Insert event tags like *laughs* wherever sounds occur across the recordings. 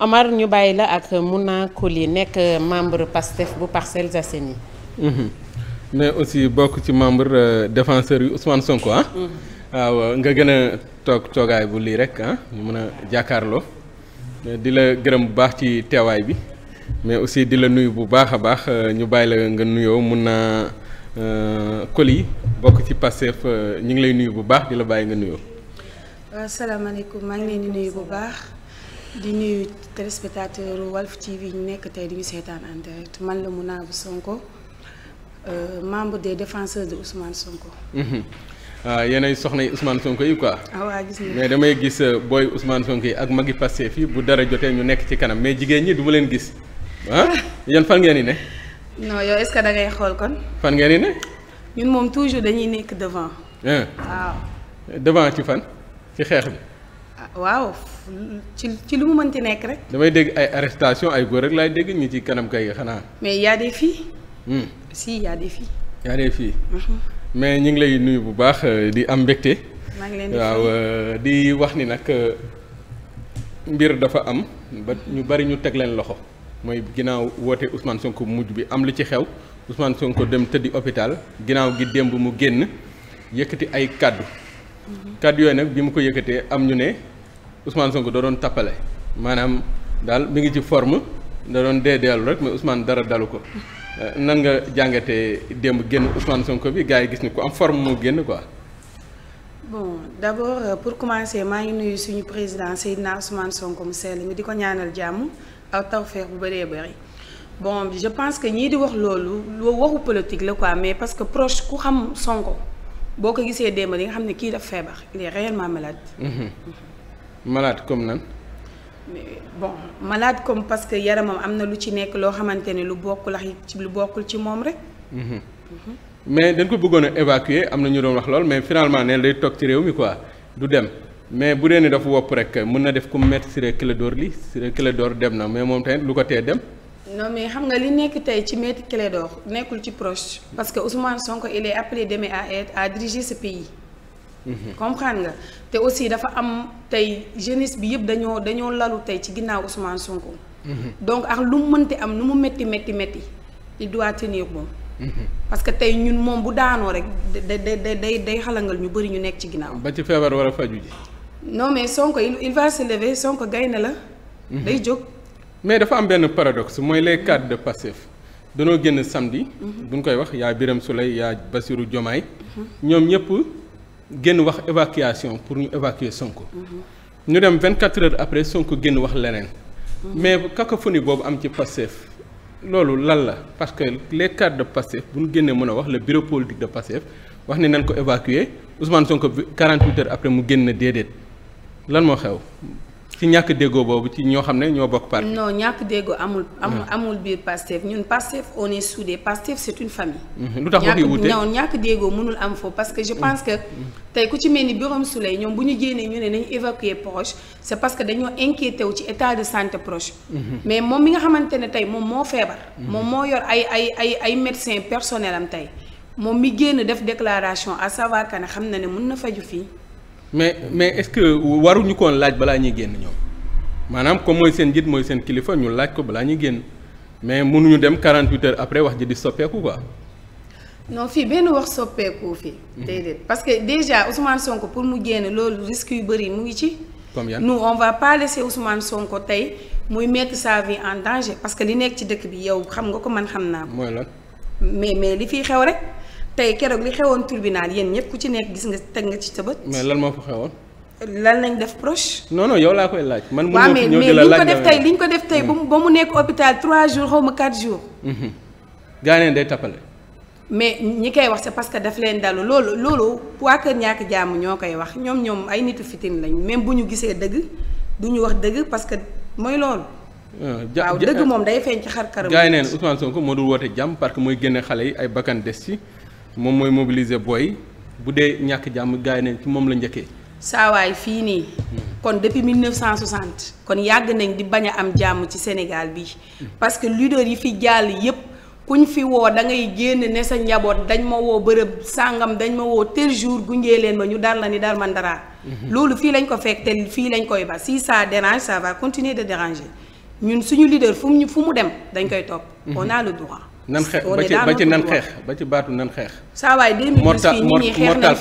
Omar ñu bàyyi la ak Mouna Coly nekk membre PASTEF bu Parcelles Assainies yi. Mhm. mais aussi bokk ci membre euh, défenseur yu Ousmane Sonko ah. Mhm. ah. waaw nga gën a toog toogaay bu lii rek ah ñu mën a jàkkaarloo euh, di la gërëm bu baax ci teewaay bi mais aussi di la nuyu bu baax a baax euh, ñu bàyyi la nga nuyoo mun Mouna Coly bokk ci Pastef ñu ngi lay nuyu bu baax di la bàyyi nga nuyoo. waaw salaamaaleykum maa ngi leen di nuyu bu baax di nuyu téléspectateur Walf TV ñu nekk tey di ñu seetaan en direct man la Mounaabou Sonko euh, membre des défenseurs de Ousmane Sonko. Mhm. Ah, yéenay soxna yi Ousmane Sonko yi quoi. ah mais damay gis euh, booy Ousmane Sonko yi ak magi Pastef fii bu dara jotee ñu nekk ci kanam mais jigéen ñi du ma leen gis ah yan fan ngeen di ne. non yow est-ce que da ngay xool kon. fan ngeen di ne. ñun moom toujours dañuy nekk devant. Ah. waaw. devant ci fan ci xeex bi. Ah, waaw ci ci lu mu mënti nekk rek. damay dégg ay arrestation ay góor rek laay dégg ñi ci kanam kay xanaa. mais y a des filles. Hmm. Mhm. mais ñu ngi lay nuyu bu baax euh, di am mbégte. maa ngi di waaw euh, di wax ni nag euh, mbir dafa am ba ñu bari ñu teg leen loxo mooy ginnaaw woote Ousmane Sonko mujj bi am lu ci xew Ousmane Sonko dem tëddi hôpital ginnaaw gi démb mu génn yëkkati ay kàddu. Mhm. kàddu yooyu nag bi mu ko yëkkatee am ñu ne Ousmane Sonko da doon tappale maanaam daal mi ngi ci forme da doon dee deelu rek mais Ousmane dara dalu ko euh, nan nga jàngatee démb génn Ousmane Sonko bi gars yi gis ni ku am forme moo génn ko bon d' abord euh, pour commencer maa ngi nuyu suñu président Seydina Ousmane Sonko mu sell mi di ko ñaanal jàmm aw tawféex bu bëree bëri. bon je pense que ñii di wax loolu loo waxu politique la quoi mais parce que proche ku xam Sonko. boo ko gisee démb li nga xam ne kii daf feebar il est réellement malade. Mhm. malade comme nan. bon malaat comme parce que yaramam am na lu ci nekk loo xamante ne lu bokkul ak ci lu bokkul ci moom rek. Mhm. Mhm. mais dañ ko bëggoon a évacuer am na ñu doon wax lool mais finalement neen day toog ci réew mi quoi du dem mais bu dee ni dafa wopp rek mën na def ku mu métti Ciré Clédor Ly Ciré Clédor dem na mais moom tamit lu ko tee dem. non mais xam nga li nekk tey ci Maître Clédor nekkul ci proche parce que Ousmane Sonko il est deme demain à être à diriger ce pays. Mhm. comprendre nga te aussi dafa am tey jeunesse bi yëpp dañoo dañoo lalu tey ci ginnaaw Ousmane Sonko. Mhm. donc ak lu mu mënti am lu mu métti métti métti il doit tenir bon. Mhm. parce que tey ñun moom bu daanoo rek day day day xalangal ñu bëri ñu nekk ci ginnaaw. ba ci feebar war a faju ji. non mais Sonko il va se lever Sonko gaynde la. day jóg. mais dafa am benn paradoxe mooy les cadres de Pastef danoo génn samedi. Mhm. buñ koy wax yaa biram Souleye yaa Bassirou jomaay ñoom ñëpp génn wax évacuation pour ñu évacuer Sonko. Mhm. ñu dem 24 heures après Sonko génn wax leneen. Mhm. mais cacophonie boobu am ci Pastef loolu lan la parce que les cadres de Pastef bu ñu génnee mën a wax le bureau politique de Pastef wax ne nañ ko évacuer Ousmane Sonko 48 heures après mu génn déedéet lan moo xew. ci ñàkk déggoo boobu ci ñoo xam ne ñoo bokk parti. non ñàkk déggoo amul. amul ah. amul biir Pastef ñun Pastef on est soudé Pastef c'est une famille. Mm-hmm. lu tax waxi wute ñàkk ñàkk déggoo mënul am foofu parce que je mm. pense que mm. tey ku ci mel ni Birame Souleye ñoom bu ñu génnee ñu ne nañu évacuer proche c'est parce que dañoo inquiété wu ci état de santé proche. Mm-hmm. mais moom mi nga xamante ne tey moom moo feebar. Mm-hmm. moom moo yor ay ay ay ay médecins personnels am tey moom mi génn def déclaration à savoir xam na ne mën na faju fii. mais mais est-ce que waruñu koon laaj balaa ñuy génn ñoom maanaam comme mooy seen njiit mooy seen kilifa ñu laaj ko balaa ñuy génn mais mënuñu dem 48 heures après wax ji di soppeeku quoi. non fii benn wax soppeeku fii. Mhm. déedéet parce que déjà Ousmane Sonko pour mu génn loolu risque yu bëri mu ngi ci. comme yan nous on va pas laisser Ousmane Sonko tey muy metti sa vie en danger parce que li nekk ci dëkk bi yow xam nga ko man xam naa ko. mooy la mais mais li fiy xew rek. tey keroog li xewoon tribunal yéen ñëpp ku ci nekk gis nga teg nga ci sa bët. mais lan moo fa xewoon. lan lañ def proche. non non yow laa koy laaj. man mënoo fi ñëw la laaj mais mais liñ ko def tey liñ ko def tey ba mu mm-hmm. nekk hôpital 3 jours xaw ma 4 jours. Mm-hmm. gaaneen day tappale. mais ñi koy wax c'est parce que daf leen dalu loolu loolu waa kër ñàkk jàmm ñoo koy wax ñoom ñoom ay nitu fitin lañ même bu ñu gisee dëgg du ñu wax dëgg parce que mooy loolu. Ah, waaw dëgg ah. moom day feeñ ci xar karam. gaay neen parce que mooy génne xale yi ay bakkan des moom mooy mobiliser booy bu dee ñàkk jàmm gars yi ci moom la njëkkee. saawaay fii nii. Hmm. kon depuis 1960. kon yàgg nañ di bañ am jàmm ci Sénégal bi parce que leader yi fi jàll yépp kuñ fi woo da ngay génn ne sa njaboot dañ ma woo bërëb sàngam dañ ma woo tel jour gungee leen ma ñu dar la ni dar man dara. Hmm. loolu fii lañ ko fekk te fii lañ koy ba si ça dérange ça va continuer de déranger ñun suñu leader fu fu mu dem dañ koy topp. Hmm. on a nan xeex ba ci ba ci nan xeex ba ci baatu nan xeex. saa waay deux minutes fii nit ñi xeex nañ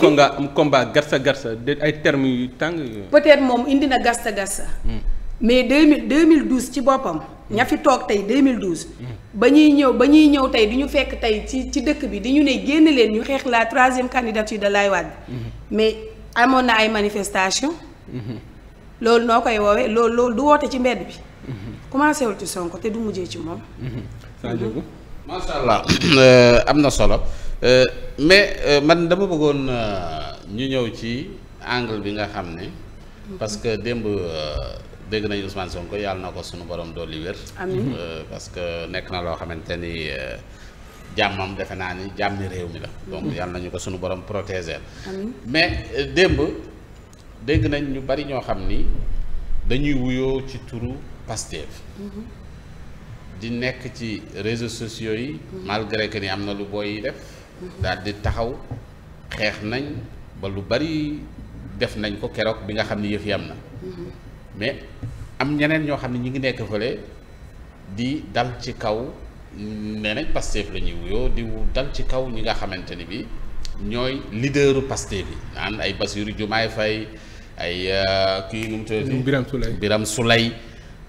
fi combat garsa garsa de ay termes yu tàng. peut-être moom indi na garsa garsa. Hmm. mais deux mille deux mille douze ci boppam. ña fi toog tey 2012. Hmm. ba ñuy ñëw ba ñuy ñëw tey du ñu fekk tey ci ci dëkk bi di ñu ne génn leen ñu xeex la troisième candidature de Laye Wade. Hmm. mais amoon na ay manifestation loolu noo koy woowee loolu loolu du woote ci mbedd bi. commencé wul ci Sonko te du mujjee ci moom. macha allah *coughs* eh, am na solo eh, mais eh, man dama bëggoon ñu ñëw ci angle bi nga xam ne. parce que démb dégg nañu Ousmane Sonko yàlla na ko suñu borom dolli wér. amiin parce que nekk na loo xamante ni jàmmam defe naa ni jàmm réew mi la. donc mm-hmm. yàlla nañu ko suñu borom protéger. mais démb dégg nañ ñu bari ñoo xam ni dañuy wuyoo ci turu Pastef. Mm-hmm. di nekk ci réseau sociaux yi malgré que ni am na lu booy yi def daal di taxaw xeex nañ ba lu bari def nañ ko keroog bi nga xam ni yëf yi am na mais am ñeneen ñoo xam ne ñu ngi nekk fële di dal ci kaw nee nañ Pastef la ñuy wuyoo di dal ci kaw ñi nga xamante ni bi ñooy leaderu Pastef bi naan ay Bassirou Diomaye fay ay euh, kii nu mu tuddati biram Souleye Birame Souleye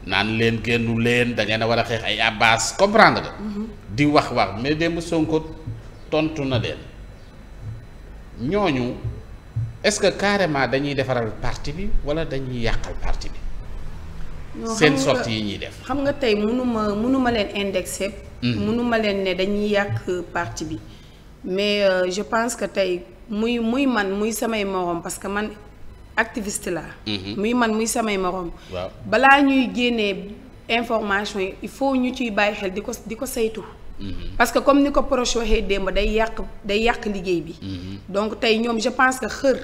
naan leen génnu leen dangeen ngeen a war a xeex ay abbas comprendre mhm. di wax wax mais démb Sonko tontu na leen ñooñu est-ce que carrément dañuy defaral parti bi wala dañuy yàqal parti bi. seen sortie yi ñuy def. xam nga tey mënuma mënuma leen indexé. mënuma mhm. leen ne dañuy yàq parti bi mais euh, je pense que tey muy muy man muy samay moroom parce que man activiste laa. Mhm. muy man muy samay moroom. waaw balaa ñuy génnee information yi il faut ñu ciy bàyyi xel di ko di ko saytu. Mhm. parce que comme ni ko proche waxee démb day yàq day yàq liggéey bi. Mhm. donc tey ñoom je pense que xër.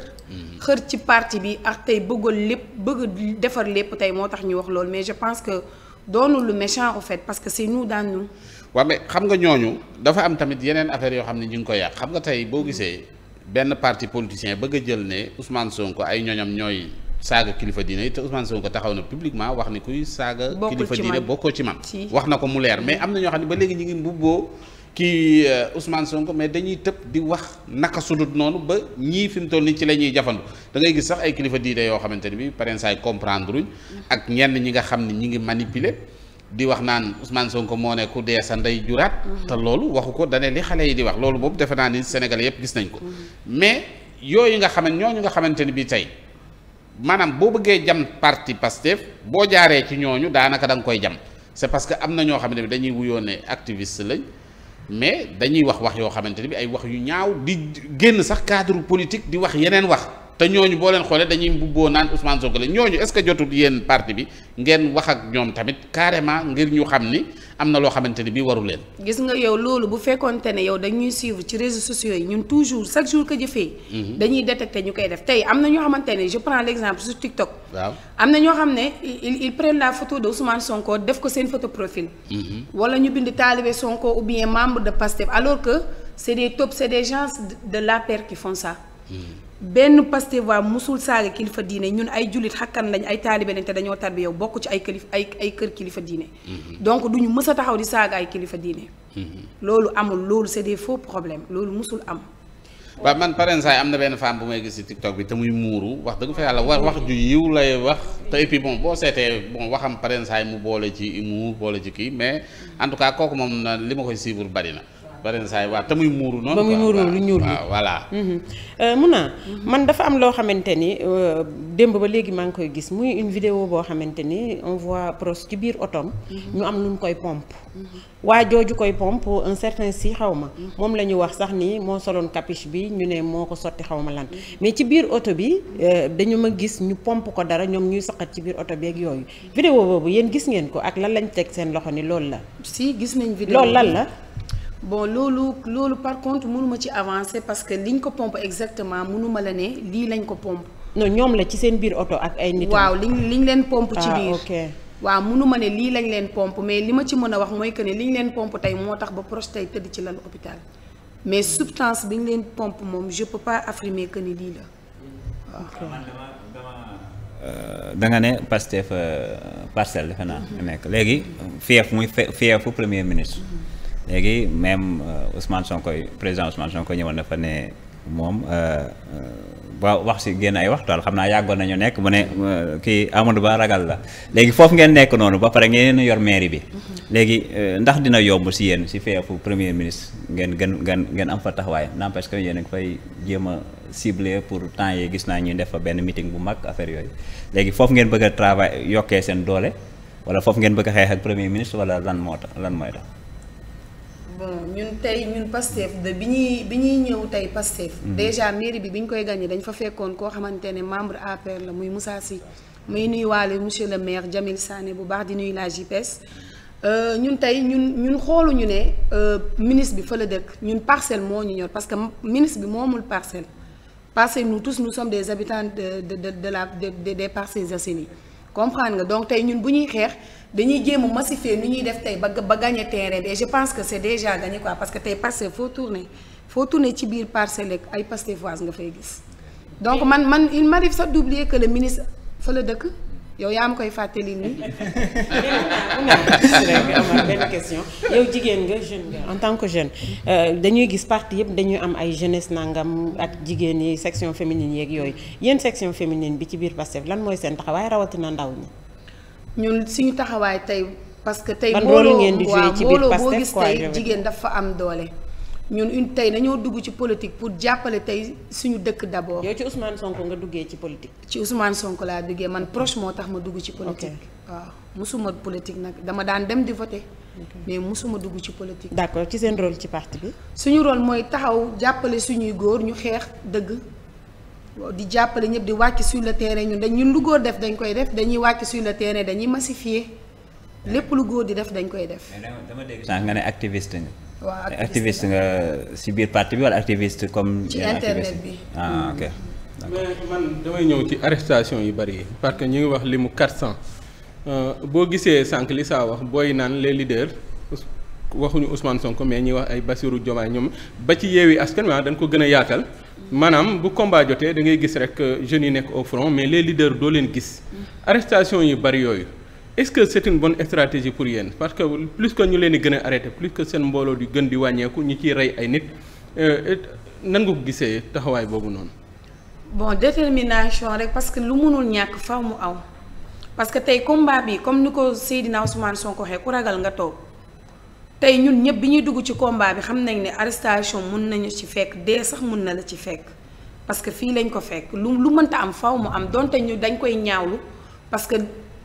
xër ci parti bi ak tey bëggoon lépp bëgg defar lépp tey moo tax ñu wax loolu mais je pense que doonul lu méchant en fait parce que c'est nous dans nous. waaw mais xam nga ñooñu dafa am tamit yeneen affaires yoo xam ne ñu ngi koy yàq xam nga tey boo gisee benn parti politicien bëgg a jël ne Ousmane Sonko ay ñoñam ñooy saaga kilifa diine te Ousmane Sonko taxaw na publiquement wax ni kuy saaga kilifa diine bokkoo ci man wax na ko mu leer mais am na ñoo xam ne ba léegi ñu ngi mbubboo kii euh, Ousmane Sonko mais dañuy tëb di wax naka sudut noonu ba ñii fi mu toll nii ci la ñuy jafandu da ngay gis sax ay kilifa diine yoo xamante ni bi parents ay comprendre uñ ak ñenn ñi nga xam ne ñi ngi manipuler di wax naan Ousmane Sonko moo ne ku dee sa ndey juraat. te loolu waxu ko dane li xale yi di wax loolu boobu defe naa ni Sénégal yëpp gis nañ ko. mais yooyu nga xamante ñooñu nga xamante ni bii tey maanaam boo bëggee jam parti Pastef boo jaaree ci ñooñu daanaka da nga koy jam c'est parce que am na ñoo xam ne dañuy wuyoo ne activiste lañ mais dañuy wax wax yoo xamante ni bi ay wax yu ñaaw di génn sax cadre politique di wax yeneen wax. te ñooñu boo leen xoolee dañuy mbubboo naan Ousmane Sonko la ñooñu est-ce que jotul parti bi ngeen wax ak ñoom tamit carrément ngir ñu xam ni am na loo xamante ne bii waru leen. gis nga yow loolu bu fekkoonte ne yow dañuy suivre ci réseaux sociaux yi ñun toujours chaque jour que jëfee. Mhm. dañuy détecter ñu koy def tey am na ñoo xamante ne je prends l'exemple sur TikTok. waaw am na ñoo xam ne ils prennent la photo de Ousmane Sonko def ko seen photo profil. Mhm. wala ñu bind taalibe Sonko ou bien membre de Pastef alors que c'est des top c'est des gens de l'APR qui font benn Pastef waa musul saaga kilifa diine ñun ay jullit xakkan lañ ay taalibe lañ te dañoo tarbi yow bokk ci ay kilif ay ay kër kilifa diine. Mhm. donc duñu mës a taxaw di saaga ay kilifa diine. Mhm. loolu amul loolu c'est des faux problèmes loolu mosul am. waaw man par exemple am na benn femme bu may gis ci TikTok bi te muy muuru wax dëgg fa yàlla wax wax ju yiw lay wax te et puis bon boo seetee bon waxam par exemple mu boole ci mu boole ci kii mais en tout cas kooku moom li ma koy suivre bari na. bari na saay waaw te muy muuru noonu. ba muy muuru lu ñuul li waaw voilà. mun mhm. euh, naa man dafa am loo xamante ni euh, démb ba léegi maa ngi koy gis muy une vidéo boo xamante ni on voit Pros ci biir otoom. Mhm. am lu koy pompe. Mhm. waa jooju koy pompe un certain si xaw ma. moom la ñu wax sax ni moo soloon capiche bi ñu ne moo ko sotti xaw ma lan. mais ci biir oto bi euh, dañu ma gis ñu pompe ko dara ñoom ñuy saqat ci biir oto bi ak yooyu. vidéo boobu yéen gis ngeen ko ak lan lañ teg seen loxo ni loolu la. si gis nañ vidéo loolu lan la. bon loolu loolu par contre mënuma ci avancer parce que liñ ko pompe exactement mënuma la ne lii lañ ko pompe non ñoom la ci seen biir oto ak ay nit waaw li ñu leen pompe ci ah, biir waaw mënuma ne lii lañ leen pompe mais li ma ci mën a wax mooy que ne liñ leen pompe tey moo tax ba proche tey ci lan hôpital mais substance bi ñu leen pompe moom je peux pas que ni lii la waaw euh, da nga ne Pastef euh, parcelle naa nekk léegi fief muy fief fu premier ministre léegi même euh, Ousmane Sonko président Ousmane Sonko ñëwoon na fa ne moom euh, euh, ba wax si génn ay wax daal xam naa yàggoon nañu nekk mu ne kii Amadou Ba ragal la léegi foofu ngeen nekk noonu ba pare ngeen yor mairie bi. léegi ndax dina yomb si yéen si feefu premier ministre ngeen gën ngeen ngeen am fa taxawaay n'empêche que yéen a fay jéem a pour temps yi gis naa ñuy def fa benn meeting bu mag affaire yooyu léegi foofu ngeen bëgg a yokkee seen doole wala foofu ngeen bëgg a xeex ministre wala lan moo lan mooy tax. bon ñun tey ñun Pastef de bi ñuy bi ñuy ñëw tey Pastef mhm. déjà mairie bi bi ñu koy gagné dañ fa fekkoon koo xamante ne membre APR la muy Moussa Sy muy waale monsieur le maire Jamil Sané bu baax di nuyu la JPS euh, ñun tey ñun ñun ñu ne euh, ministre bi fa la dëkk ñun parcelle moo ñu ñor parce que ministre bi moomul parcelle parce que nous tous nous sommes des habitants de de de de la de des Parcelles comprendre nga donc tey ñun bu ñuy xeex dañuy jéem a massifier nu ñuy def tey ba ba gagné terrain bi et je pense que c' est déjà gagné quoi parce que tey Pastef foo tourné foo tourné ci biir parcelle rek ay Pastefoise nga fay gis donc man man il m'arrive sa d'oublier que le ministre fa la dëkk yow yaa ma koy fàttali nii. benn question yow jigéen nga jeune nga en tant que jeune euh, dañuy gis parti yëpp dañuy am ay jeunesse nangam ak jigéen yi section féminine yeeg yooyu yéen section féminine bi ci biir Pastef lan mooy seen taxawaay rawatina ndaw ñi. ñun suñu taxawaay tey parce que. tey booloo ngeen di joué ci biir Pastef quoi boo gis tey jigéen dafa am doole. ñun une tey dañoo dugg ci politique pour jàppale tey suñu dëkk d' abord. yow ci Ousmane Sonko nga duggee ci politique. ci Ousmane Sonko laa duggee man proche moo tax ma dugg ci politique. waaw musuma politique nag dama daan dem di voter. mais musuma dugg ci politique. d' accord ci seen rôle ci parti bi. suñu rôle mooy taxaw jàppale suñuy góor ñu xeex dëgg. di jàppale ñëpp di wàcc sur le terrain ñun dañ ñun lu góor def dañ koy def dañuy wàcc sur le terrain dañuy massifier lépp lu góor di def dañ koy def. mais dama dégg nga ne activiste nga waaw activiste eh, nga si biir parti bi wala activiste comme. ci internet bi ah hmm. ok. mais man damay ñëw ci arrestation yu bari yi parce que ñu ngi wax li mu 400 eh, boo gisee sànq li saa wax booy naan les leaders waxuñu Ousmane Sonko mais ñuy wax ay Bassirou Diomaye ñoom ba ci yeewi askan waa dañ ko gën a yaatal maanaam bu combat jotee da ngay gis rek eh, jeunes yi nekk au front mais les leaders doo leen gis hmm. arrestation yu bari yooyu. est-ce que c'est une bonne stratégie pour yéen parce que plus que ñu leen di gën a arrêté plus que seen mbooloo di gën di wàññeeku ñu ciy rey ay nit euh, nan ko gisee taxawaay boobu noonu. bon détermination rek parce que lu mënul ñàkk faw mu aw parce que tey combat bi comme ni ko Seydina soo ko waxee ku ragal nga toog tey ñun ñëpp bi ñuy dugg ci combat bi xam nañ ni arrestation mun nañu ci fekk dee sax mun na la ci fekk parce que fii lañ ko fekk lu lu mënta am faw mu am donte ñu dañ koy ñaawlu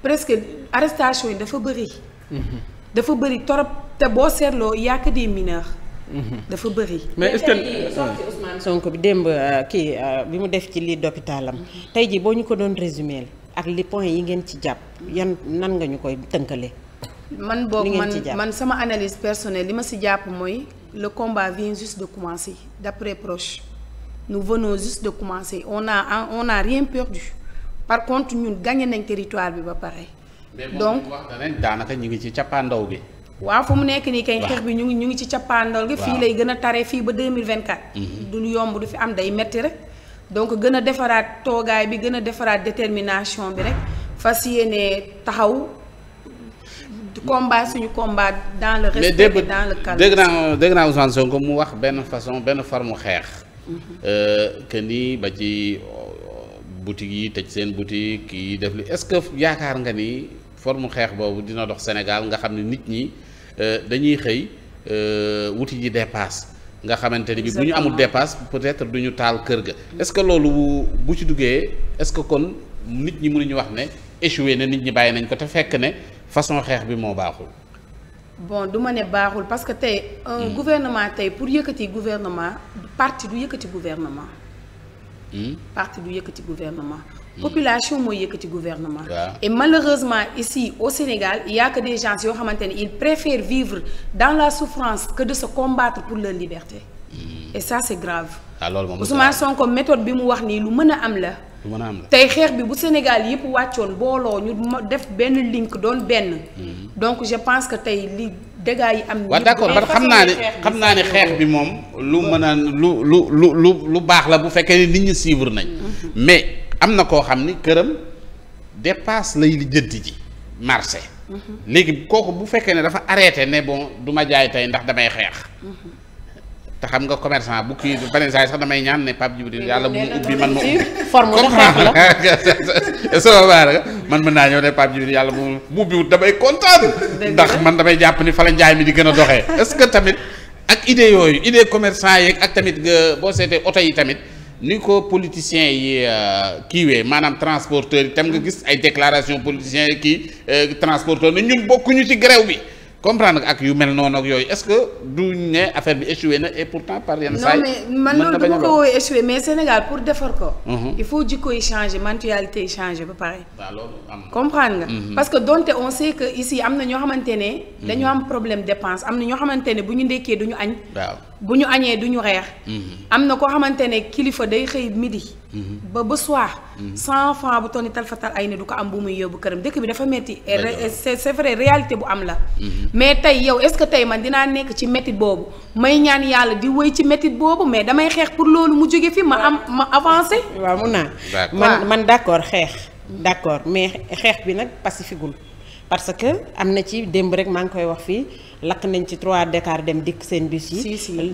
presque arrestation yi dafa bëri. dafa bëri torop te boo seetloo yàq des mineurs. dafa bëri. mais est bi démb euh, kii euh, bi mu def ci lii d'hôpitalam tey jii boo ñu ko doon résumer ak li yi ngeen ci jàpp yan nan nga ñu koy tënkale. man boobu man man sama analyse personnelle li ma si jàpp mooy le combat vient juste de commencer d'après proche nous venons juste de commencer on a on a rien perdu. par contre ñun gañe nañ territoire bi ba pare. donc daanaka ñu ngi ci cappaandaw gi. waaw fa mu nekk nii kay xeex bi ñu ngi ñu ngi ci cappaandaw gi. fii lay gën a tare fii ba 2024. Mhm. du yomb du fi am day metti rek. donc gën a defaraat toogaay bi gën a defaraat détermination bi rek fas yéene taxaw. combat suñu combat dans le respect et dans le calme. dégg naa dégg naa Ousmane Sonko mu wax benn façon benn forme xeex. Mhm. Euh, que ni ba ci. boutique yi tëj seen boutique yi def li est yaakaar nga ni forme xeex boobu dina dox Sénégal nga xam ne nit ñi euh, dañuy xëy euh, wuti ji dépasse nga xamante ni bi bu ñu amul dépasse peut-être du ñu taal kër ga est-ce que loolu bu ci duggee est-ce que kon nit ñi mënuñu wax ne échoué na nit ñi bàyyi nañ ko te fekk ne façon xeex bi moo baaxul bon du ma ne baaxul parce tey hmm. gouvernement tey pour yëkkati gouvernement parti du yëkkati gouvernement Hmm? parti du yëkkati gouvernement. Hmm. population mooy yëkkati gouvernement. et malheureusement ici au Sénégal il y a que des gens yoo xamante ne ils préfèrent vivre dans la souffrance que de se combattre pour leur liberté. Hmm. et ça c'est grave. ah loolu Sonko méthode bi mu wax nii lu mën a am la. lu mën am la tey xeex bi bu Sénégal yëpp wàccoon booloo ñu def benn link doon benn. donc je pense que tey li. dégâts yi am. waaw d'accord man xam naa ne xam naa ne xeex bi moom lu mën a lu lu lu lu lu baax la bu fekkee nit ñi suivre nañ. Mm-hmm. mais am na koo xam ni këram dépasse lay li jënd ji marché. Mm-hmm. léegi kooku bu fekkee ne dafa arrêté ne bon du ma jaay tey ndax damay xeex. Mm-hmm. te xam nga commercant bu kii beneen saa yi sax damay ñaan ne Pape Djibril yàlla mu ubbi man ma ubbi forme de xeex la *laughs* sama baar nga man mën naa ñëw ne Pape Djibril yàlla mu ubbiwut damay kontaan ndax man damay jàpp ni fa la njaay mi di gën a doxee est-ce que tamit ak idée yooyu idée commerçant yeeg ak tamit boo seetee oto yi tamit ni ko politiciens yi euh, kiiwee maanaam transporteur yi tam nga gis ay déclaration politiciens kii euh, transporteur na ñun bokkuñu ci grève bi comprendre ak yu mel noonu ak yooyu est-ce que du ne affaire bi échoué na et pourtant par yenn saa yi mais man loolu dama ko woowee échoué mais Sénégal pour defar ko. Mhm. il faut jikko yi changer mentalité yi changer ba pare. waaw nga. Mhm. parce que donte on sait que ici am na ñoo xamante ne. Mhm. dañoo am problème dépense am na ñoo xamante ne bu ñu ndekkee duñu ñu añ. waaw. bu ñu añee duñu ñu mm-hmm. am na koo xamante ne kilifa day xëy midi. Mm-hmm. ba ba soir. Mm-hmm. cent francs bu tonni tal fatal ay ne du ko am bu muy yóbbu këram dëkk bi dafa metti c'est réalité bu am la. mais tey yow est-ce que tey man dinaa nekk ci métit boobu may ñaan yàlla di wëy ci métit boobu mais damay xeex pour loolu mu jóge fi ma am ma avancé. waaw mun naa. man man d'accord xeex. d'accord mais xeex bi nag pacifique gul parce que am na ci démb rek maa ngi koy wax fii. lakk nañ ci trois Dakar dem dikk seen bus yi.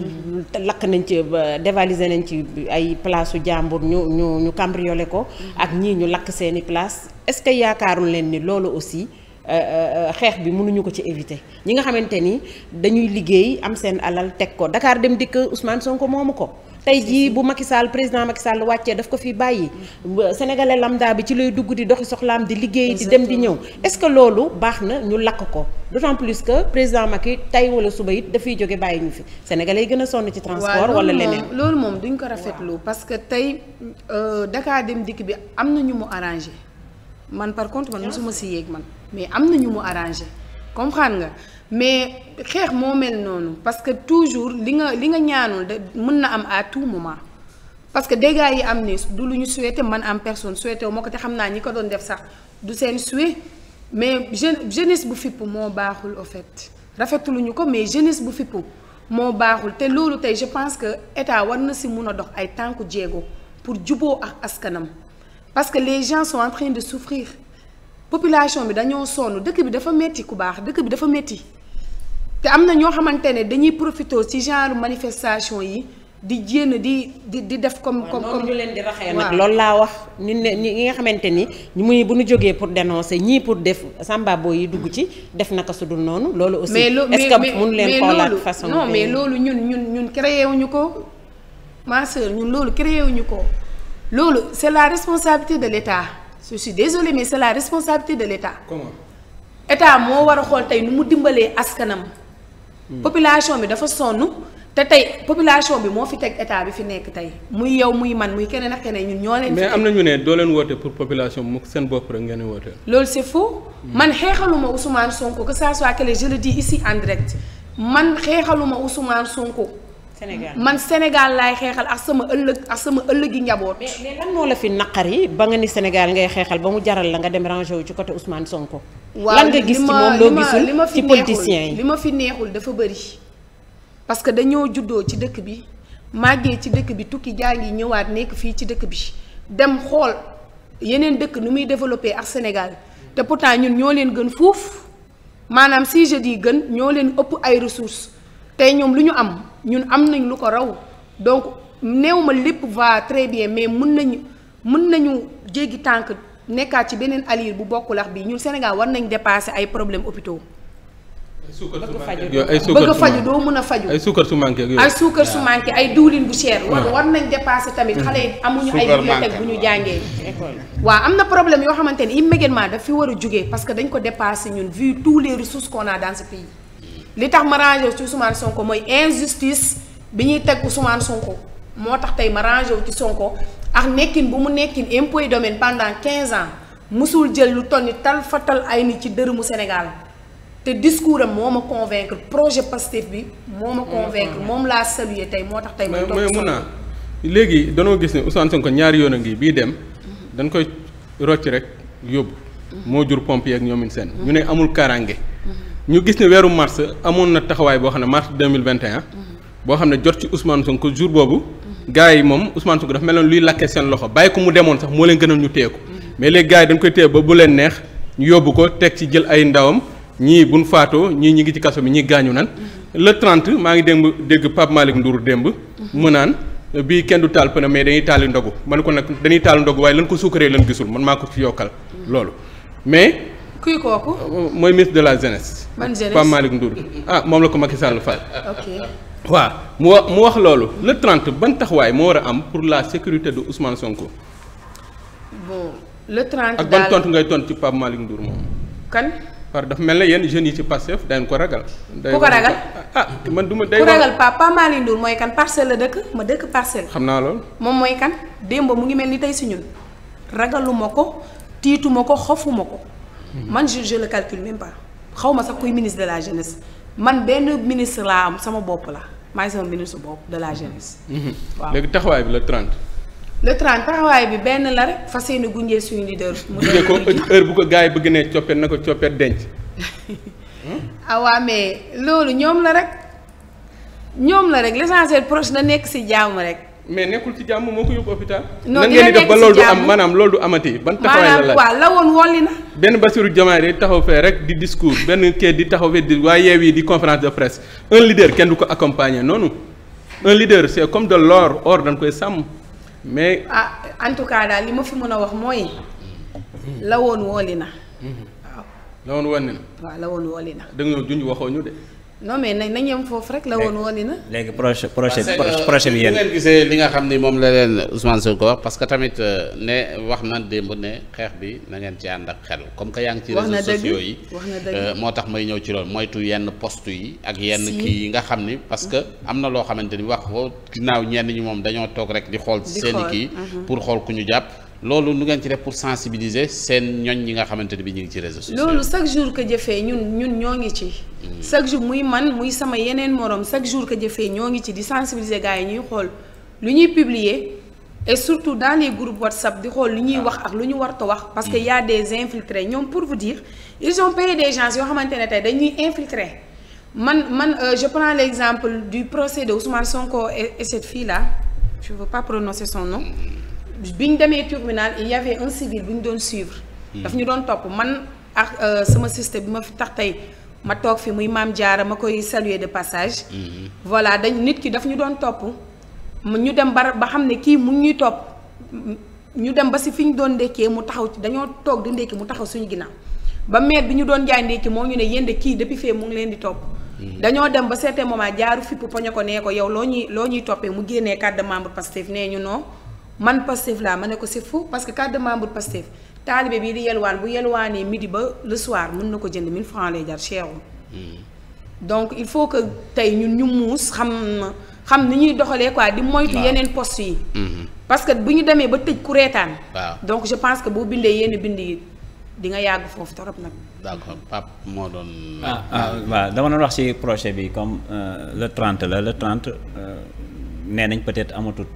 lakk nañ ci dévaliser nañ ci ay placeu jàmbur ñu ñu ñu cambriolé ko. ak ñii ñu lakk seeni place est-ce que yaakaarul leen ni loolu aussi. Euh, euh, xeex bi munuñu ko ci éviter ñi nga xamante ni dañuy liggéey am seen alal teg ko Dakar dem dikk Ousmane Sonko moomu ko tey jii bu Macky Sall président Macky Sall wàccee daf ko fi bàyyi sénégalais lambda bi ci lay dugg di doxi soxlaam di liggéey di dem di ñëw est-ce que loolu baax na ñu lakk ko d'autant plus que président Macky tey wala suba it dafiy jóge bàyyi ñu fi sénégalais yi gën a sonn ci transport wala leneen loolu moom duñ ko rafetlu parce que tey euh, Dakar dem dikk bi am na ñu mu arrangé man par contre man mosuma si yéeg man mais am na ñu mu arrangé comprendre nga mais xeex moo mel noonu parce que toujours li nga li nga ñaanul de mën na am à tout moment parce que dégâts yi am ni du lu ñu souhaité man am personne souhaité wu moo ko te xam naa ñi ko doon def sax du seen souhait mais jeune jeunesse bu fippu moo baaxul au fait ñu ko mais jeunesse bu fippu moo baaxul te loolu tey je pense que état war na si mun a dox ay tànku jéego pour jubo ak askanam parce les gens sont en train de souffrir population bi dañoo sonn dëkk bi dafa metti ku baax dëkk bi dafa metti te am na ñoo xamante ne dañuy profité ci genre manifestation yi di jéem di di di def comme comme comme ñu leen di raxee nag loolu laa wax ñu ne ñi nga xamante ni muy bu ñu jógee pour dénoncer ñii pour def sambabo yi dugg ci def naka su dul noonu loolu aussi est-ce mun leen xoolaat façon non mais loolu ñun ñun ñun créé wuñu ko ma sœur ñun loolu créé wuñu ko loolu c'est la responsabilité de l'État je suis désolé mais c'est la responsabilité de l'État. comment État moo war a xool tey nu mu dimbalee askanam. Hmm. population bi dafa sonn te tey population bi moo fi teg état bi fi nekk tey muy yow muy man muy keneen a keneen ñun ñoo leen. mais am na ñu ne doo leen woote pour population mu seen bopp rek ngeen woote. loolu c'est faux hmm. man xeexaluma Ousmane Sonko que ça soit que je le dis ici en direct man xeexaluma Ousmane Sonko. Sénégal man Sénégal laay xeexal ak sama ëllëg ak sama ëllëgi njaboot. mais mais lan moo la fi naqari ba nga ni Sénégal ngay xeexal ba mu jaral la nga dem rangé wu ci côté Ousmane Sonko. lan nga gis ci moom loo gisul ci politiciens yi li ma fi neexul dafa bëri. parce que dañoo juddoo ci dëkk bi màggee ci dëkk bi tukki jaa ngi ñëwaat nekk fii ci dëkk bi dem xool yeneen dëkk nu muy développé ak Sénégal te pourtant ñun ñoo leen gën fuuf maanaam si je dis gën ñoo leen ëpp ay ressources tey ñoom lu ñu am. ñun am nañ lu ko raw donc néew ma lépp va très bien mais mun nañu mun nañu jéggi tànk nekkaat ci beneen alir bu bokk ak bii ñun Sénégal war nañ dépasser ay problème hôpitaux bëgg faju doo mën a faju ay suukar su manqué ay suukar su bu cher ah. war war nañ dépasser tamit xale yi amuñu ay bibliothèque bu ñu jàngee waaw am na problème yoo xamante ni immédiatement daf fi war a jógee parce que dañ ko dépasser ñun vu tous les ressources qu'on a dans ce pays li tax ma rangé wu ci Ousmane Sonko mooy injustice bi ñuy teg Ousmane Sonko moo tax tey ma rangé wu ci Sonko ak nekkin bu mu nekkin impôt et domaine pendant quinze ans musul jël lu toll ni tal fatal ay nit ci dërëmu Sénégal te discours am moo ma convaincre projet Pastef bi moo ma convaincre moom laa saluer tey moo tax tey may toog mun naa léegi danoo gis ne Ousmane Sonko ñaari yoon a ngi bii dem mm-hmm. dañ koy rocc rek yóbbu mm-hmm. moo jur pompier ak ñoomin seen mm-hmm. ñu ne amul kaaraange ñu gis ne weeru mars amoon na taxawaay boo xam ne mars mille vingt boo xam ne jot ci Ousmane Sonko jour boobu. gars yi moom Ousmane Sonko dafa meloon luy lakkee seen loxo bàyyi ko mu demoon sax moo leen gënal ñu téye ko mais léegi gars koy téye ba leen neex ñu ko teg ci jël ay ndawam ñii buñ faatoo ñii ñi ngi ci kaso bi ñii gaañu nan. le trent maa ngi démb dégg Pape Malick Ndour démb. mu naan bii kenn du taal pëne mais dañuy taali ndogu man ko nag dañuy taal ndogu waaye lan ko suukaree lan gisul man maa ko ci yokkal. loolu mais. kuy kooku. mooy ministre de la jeunesse. man jeunesse Pape Malick Ndour ah moom la ko Macky Sall fal. ok waaw mu wax mu wax loolu le 30 ban taxawaay moo war a am pour la sécurité du Ousmane Sonko. bon le 30 ak ban tontu ngay tontu ci Pape Malick Ndour moom. kan. parce que mel ne yenn jeunes yi ci Pastef dañ ko ragal. ku ko ragal ah man du ma day. ku ragal Pape Pape Malick kan parcelle la dëkk ma dëkk parcelle. xam naa loolu. moom mooy kan démb mu ngi mel ni tey si ñun ragaluma ko tiituma ko xofuma ko. Mhm. man je je le calcule même pas xaw ma sax kuy ministre de la jeunesse man benn ministre laa am sama bopp la maay sama ministre bopp de la jeunesse. Mhm. waaw léegi taxawaay bi le 30. le 30 taxawaay bi benn la rek fas yéene gunge suñu leader. mu *laughs* gunge ko heure bu ko gars yi bëgg ne coppet na ko coppet denc. *laughs* ah waa loolu ñoom la rek ñoom la rek l'essentiel proche na nekk si jaam rek. mais nekkul ci jàmm moo ko yóbbu hôpital. nan ngeen di def ba loolu du am maanaam lool du amati ban taxawaay la la maanaam waaw wolli na. benn Bassirou Diomaye taxaw fee rek di discours benn kii di taxaw di waa yeew di conférence de presse kenn du ko accompagner noonu un leader comme de l'or or dañ koy sàmm mais. ah en tout cas daal li ma fi mën a wax mooy. lawoon mm-hmm. wolli na. waaw lawoon woon na. waaw lawoon wolli na. da nga ñëw junj waxoo ñu de. non mais nañ nañ yem foofu rek la woon woon na. léegi projet projet projet bi li nga xam ni moom la leen Ousmane parce que tamit euh, ne wax na démb ne xeex bi na ngeen ci ànd ak xel comme que yaa ngi ci réseaux sociaux yi euh, moo tax may ñëw ci loolu moytu yenn poste yi ak yenn kii yi nga xam ni parce que am na loo xamante ni wax ko ginnaaw ñenn ñi moom dañoo toog rek di xool seen kii uh-huh. pour xool ñu jàpp loolu nu ngeen ci def pour sensibiliser seen ñoñ ñi nga xamante ni bi ñu ngi ci réseaux sociaux loolu chaque jour que jëfee ñun ñun ñoo ngi ci chaque jour muy man muy sama yeneen morom chaque jour que jëfee ñoo ngi ci di sensibiliser gars yi ñuy xool lu ñuy publier et surtout dans les groupes WhatsApp di xool lu ñuy wax ak lu ñu warut a wax. parce que ya des infiltrés ñoom pour vous dire ils ont payé des gens yoo xamante ne tey dañuy infiltrer man man euh, je prends l' exemple du procès de Ousmane Sonko et, et cette fille là je veux pas prononcer son nom bi ñu demee tribunal il y avait un civil bu ñu doon suivre. daf ñu doon topp man ak euh, sama sister bi tax tey. ma toog fi muy maam jaara ma koy saluer de passage mhm. voilà dañ nit ki daf ñu doon topp ñu dem ba ba xam ne kii mu ñuy topp ñu dem ba si fi ñu doon ndekkee mu taxaw dañoo toog di ndekki mu taxaw suñu ginnaaw ba maire bi ñu doon jaay ndekki moo ñu ne yéen de kii depuis fee mu ngi leen di topp mhm. dañoo dem ba certain moment jaaru fipp poñe ko nee ko yow loo ñuy loo ñuy toppee mu génnee carte de membre Pastef nee ñu noo man Pastef laa ma ne ko c'est fou parce que carte de membre Pastef taalibe bii di yelwaan bu yelwaanee midi ba le soir mën na ko jënd 1000 francs lay jar cherul hmm. donc il faut que tey ñun ñu muus xam xam ni ñuy doxalee quoi di moytu yeneen post yi hmm. parce que bu ñu demee ba tëj ku reetaan donc je pense que boo bindee yenn bind yi di nga yàgg foofu torop nag d'accord Pape moo doon ah, ah, waaw dama doon wax ci projet bi comme euh, le 30 la le 30 euh, nee nañ peut-être amatut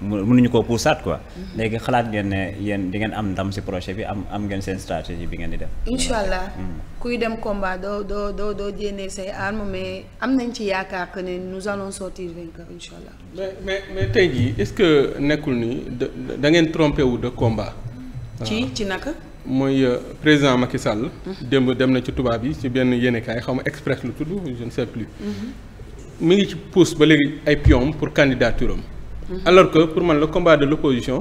mu mënuñu koo puusaat quoi. léegi xalaat ngeen ne yéen di ngeen am ndam si projet bi am am ngeen seen stratégie bi ngeen di dem incha allah mm. kuy dem combat doo doo doo doo jénnee say arme mais am nañ ci yaakaar que ne nous allons sortir vainqueur incha allah. mais mais tey jii est-ce que nekkul ni da ngeen trompé wu de combat. ci ci ah. naka. mooy euh, président Macky Sall. Mm. démb dem na ci tubaab yi ci benn yéenekaay xaw ma express lu tudd je ne mm-hmm. ngi ci pousse ba léegi ay pion pour candidature am. Mm-hmm. alors que pour man la combat de l'opposition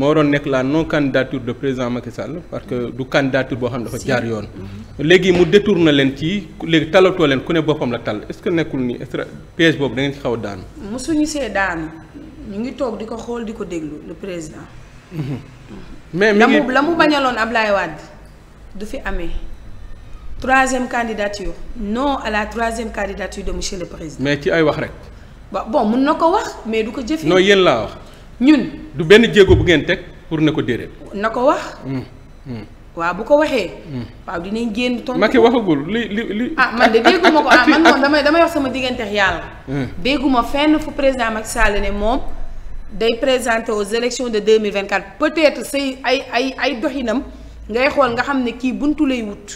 moo waroon nekk la non candidature de président Macky Sall parce que du candidature boo xam ne dafa jaar yoon. Mm-hmm. léegi mu détourné leen ci léegi talatoo leen ku ne boppam la tal est-ce que nekkul ni extra piège boobu da ngeen ci xaw a daanu. mosuñu see daanu ñu ngi toog di ko xool di ko déglu le président. Mm-hmm. mais mi ngi la mu bañaloon Ablaye Wade du fi amee. troisième candidature non à la troisième candidature de monsieur le président. mais ci ay wax rek. ba bon mun na ko wax mais du ko jëfee. non yéen laa wax. ñun du benn jéego bu ngeen teg pour ne ko déedéet. na ko wax. Mm, mm. waaw bu ko waxee. Mm. waaw dinañ génn tontu. Macky waxagul li li li. ah man de dégguma ko ah man moom damay damay wax sama digganteex yàlla. dégguma fenn fu président Macky Sall ne moom day présenté aux élections de deux mille vingt quatre peut être say ay ay ay doxinam ngay xool nga xam ne kii buntu lay wut.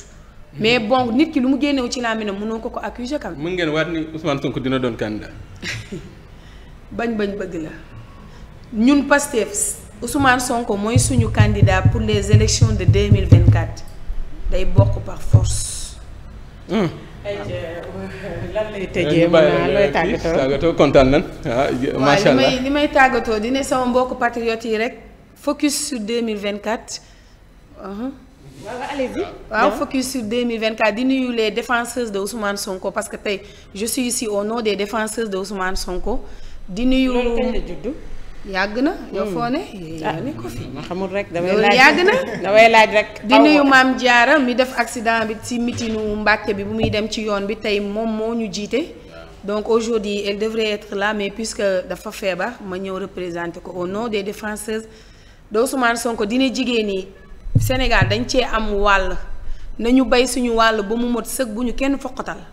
mais bon nit ki lu mu génnewu ci laaminam mënoo ko ko accuser kan. mën ngeen waat ni Ousmane *laughs* bañ bañ bëgg la ñun Pastef Ousmane Sonko mooy suñu kandidaa pour les élections de 2024 day bokk par force. Hmm. Euh, euh, lan lay eh, tëjee mën naa looy tàggatoo tàggatoo kontaan nan ah, macha li may li may tàggatoo di ne sama mbokk patriote yi rek focus sur 2024. waaw focus sur 2024 di nuyu les défenseuses de Ousmane Sonko parce que tey je suis ici au nom des défenseuses de Ousmane Sonko. di nuyu loolu na yow hmm. foo ah, xamul rek damay laaj na damay laaj rek. di maam Diarra mi def accident bi ci mitinu bi bu muy dem ci yoon bi tey moom moo ñu jiite. donc aujourd'hui elle devrait être là mais puisque dafa feebar ma ñëw représenter ko au nom des défenseuses de Ousmane Sonko dina jigéen ñi. Sénégal dañ cee am wàll nañu bay suñu wàll ba mu mot sëg bu ñu kenn foqatal